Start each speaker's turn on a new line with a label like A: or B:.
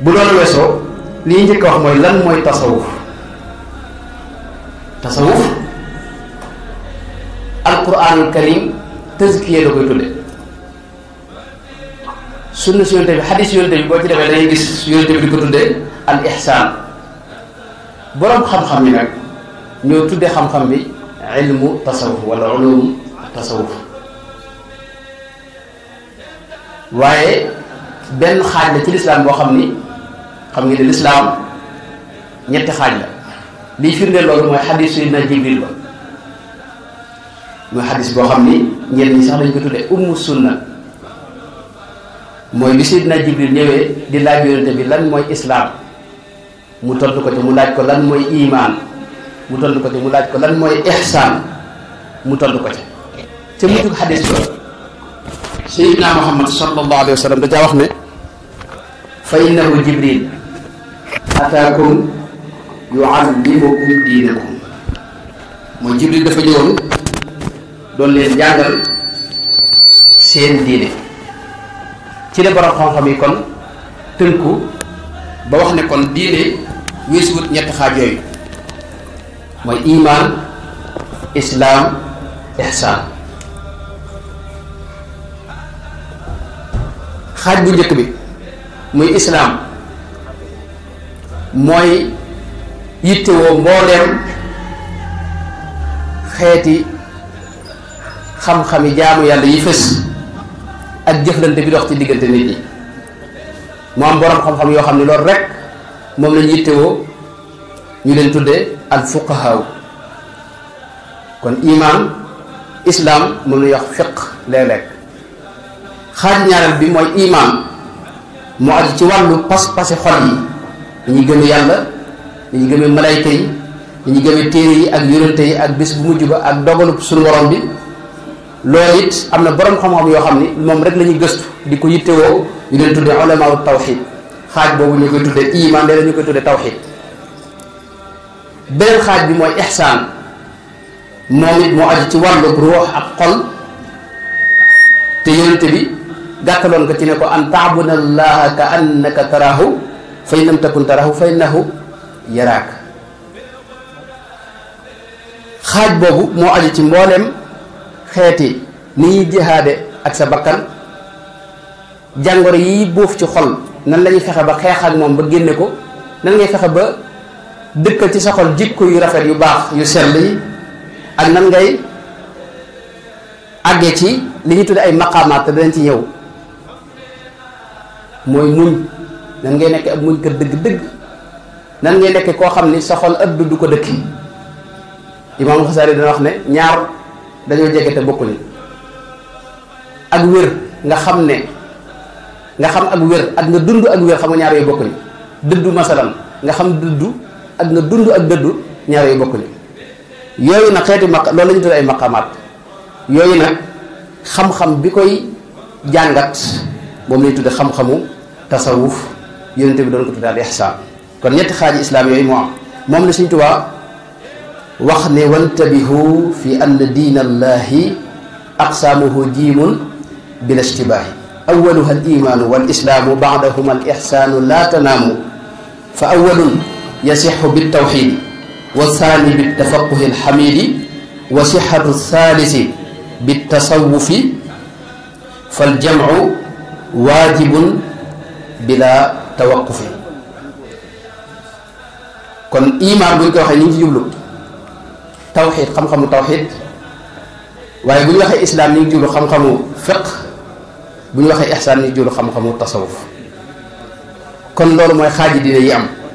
A: بدون ويسو لي نجي كوخ موي لان موي تصوف تصوف القران الكريم تزكيه لوكوي تولي سنة سيولتة في حديث سيولتة في بوتي لغاية ريكس سيولتة في كتن دي الإحسان برام خم خم منك نيو تود خم خم بي علم تصوف ولا علوم تصوف وعي بين خالد الإسلام بو خم ني xam nga ne lislaam ñetti xaaj la liy firndeel loolu mooy xadis sayyidina Jibril ba mooy xadis boo xam ni ñenn ñi sax dañ ko tuddee ummu sunna mooy bi sayyidina Jibril ñëwee di laaj yonente bi lan mooy islaam mu tontu ko ci mu laaj ko lan mooy iimaan mu tontu ko ci mu laaj ko lan mooy ihsaan mu tontu ko ci te mujjug xadis loolu sayyidina Muhammad sallallahu alayhi wa sallam wax ne fa innahu Jibril ataakum yuallimukum diinakum mooy jibril dafa ñëwoon doon leen jàngal seen diine ci la borom xam-xam yi kon tënku ba wax ne kon diine weesuwut ñetti xaaj yooyu mooy imaan islaam ihsaan xaaj bu njëkk bi muy islaam mooy yittewoo mbooleem xeeti xam-xami jaamu yàlla yi fës ak jëflante bi dox ci diggante nit ñi moo am boroom xam-xam yoo xam ne loolu rekk moom lañ yittewoo ñu leen tudde al fuqahaaw kon imaam islaam moom la ñuy wax fiq léeg-léeg xaaj ñaareel bi mooy imaam mu aju ci wàllu pas-pasi xol yi ñi gëm yalla ñi gëm malayka yi ñi gëm téré yi ak yoonte yi ak bës bu mu ba ak dogalu suñu worom bi loolu it am borom xam-xam yo xamni mom rek la gëstu diko yitté wo ñu leen tuddé tuddee ulamaw tawxid xaaj boobu ñu koy tuddé iman de ñu koy tuddé tawhid beneen xaj bi moy ihsan moom it moo aju ci walu ruux ak xol té yoonte bi gàttaloon ko ci ne ko an ta'budallaha allaha ka annaka tarahu fa in lam takun tarahu fa innahu yaraak xaaj boobu moo aju ci mbooleem xeeti ni ñuy jihaade ak sa bakkan jàngoro yi buuf ci xol nan lañuy fexe ba xeex ak moom ba génne ko nan ngay fexe ba dëkkal ci sa xol jikko yu rafet yu baax yu sell yi ak nan ngay àggee ci li ñu tudde ay maqaamaat te danañ ci ñëw mooy muñ nan ngay nekke ab muñ kat dëgg-dëgg nan ngay nekke koo xam ni soxool ak ëdd du ko dëkki imaam Xasaali dana wax ne ñaar dañoo jege te bokkuñu ak wér nga xam ne nga xam ak wér ak nga dund ak wér xam nga ñaar yooyu bokkuñu dëddu masalan nga xam dëddu ak nga dund ak dëddu ñaar yooyu bokkuñu yooyu nag xeeti maq loolu la ñu ay maqamaat yooyu nag xam-xam bi koy jàngat moom la ñu tudde xam-xamu tasawuf يونت بدون كتير على إحسان كن يت خارج الإسلام يوم مام لسنت وخن وانتبه في أن دين الله أقسامه جيم بلا اشتباه أولها الإيمان والإسلام بعدهما الإحسان لا تنام فأول يصح بالتوحيد والثاني بالتفقه الحميد وصحة الثالث بالتصوف فالجمع واجب بلا tawaqufi kon imaan buñ ko waxee ñu ngi ci jublu tawxiid xam-xamu tawxiid waaye buñ ñu waxee islaam ñu ngi jublu xam-xamu fiq bu ñu waxee ixsaan ñu ngi jublu xam-xamu tasawuf kon loolu mooy xaaji diine yi am